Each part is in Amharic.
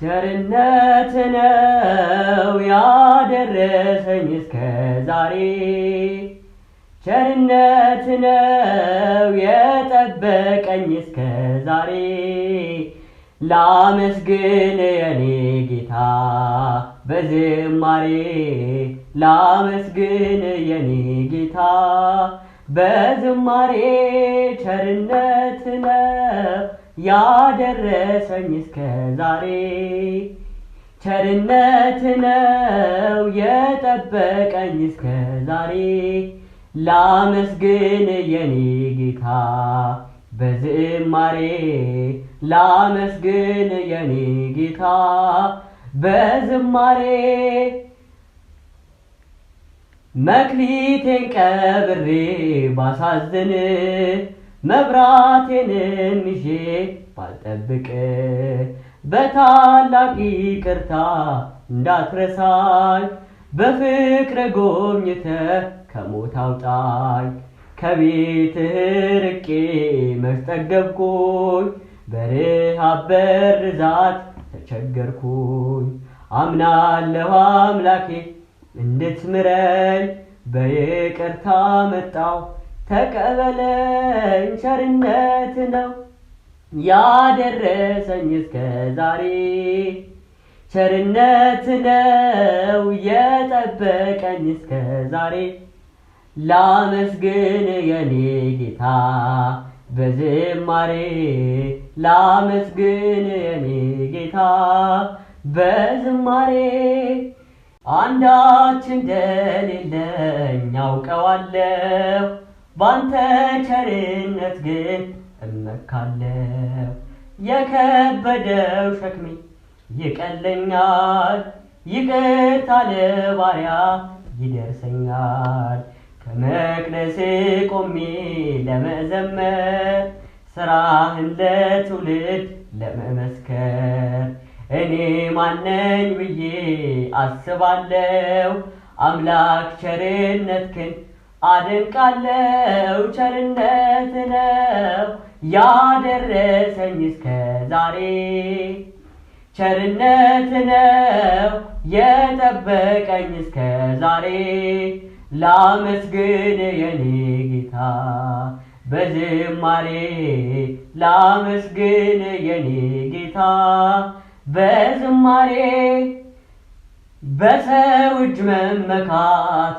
ቸርነት ነው ያደረሰኝ እስከ ዛሬ ቸርነት ነው የጠበቀኝ እስከ ዛሬ ላመስግን የኔ ጌታ በዝማሬ ላመስግን የኔ ጌታ በዝማሬ ቸርነት ነው ያደረሰኝ እስከ ዛሬ ቸርነት ነው የጠበቀኝ እስከ ዛሬ ላመስግን የኔ ጌታ በዝማሬ ላመስግን የኔ ጌታ በዝማሬ መክሊቴን ቀብሬ ባሳዝን መብራቴንም ይዤ ባልጠብቅ በታላቅ ይቅርታ እንዳትረሳኝ በፍቅረ ጎብኝተ ከሞት አውጣኝ ከቤትህ ርቄ መች በርሃብ በርዛት ተቸገርኩኝ አምናለሁ አምላኬ እንድትምረኝ በይቅርታ መጣው ተቀበለኝ ቸርነት ነው ያደረሰኝ እስከ ዛሬ ቸርነት ነው የጠበቀኝ እስከ ዛሬ ላመስግን የኔ ጌታ በዝማሬ ላመስግን የኔ ጌታ በዝማሬ አንዳች እንደሌለኝ አውቀዋለሁ ባንተ ቸርነት ግን እመካለሁ። የከበደው ሸክሜ ይቀለኛል፣ ይቅርታ ለባሪያ ይደርሰኛል። ከመቅደስ ቆሜ ለመዘመር ስራህን ለትውልድ ለመመስከር እኔ ማነኝ ብዬ አስባለሁ። አምላክ ቸርነት ግን አደንቃለው ቸርነት ነው ያደረሰኝ እስከ ዛሬ ቸርነት ነው የጠበቀኝ እስከ ዛሬ ላመስግን የኔ ጌታ በዝማሬ ላመስግን የኔ ጌታ በዝማሬ በሰው እጅ መመካት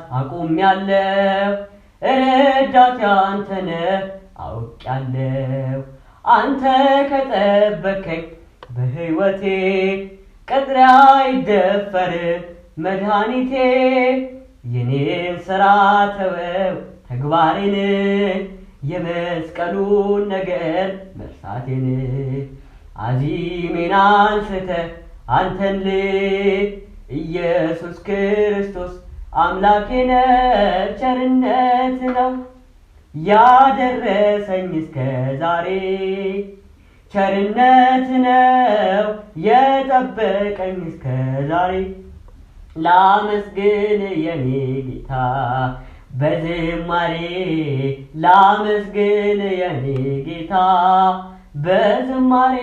ያለው ረዳቴ አንተ አውቅ ያለው! አንተ ከጠበከኝ በህይወቴ ቀጥሬ አይደፈር መድኃኒቴ። የኔን ሥራ ተወው ተግባሬን፣ የመስቀሉን ነገር መርሳቴን። አዚሜን አንስተ አንተን ል ኢየሱስ ክርስቶስ አምላኬ ነው ቸርነት ነው ያደረሰኝ እስከ ዛሬ ቸርነት ነው የጠበቀኝ እስከ ዛሬ ላመስግን የኔ ጌታ በዝማሬ ላመስግን የኔ ጌታ በዝማሬ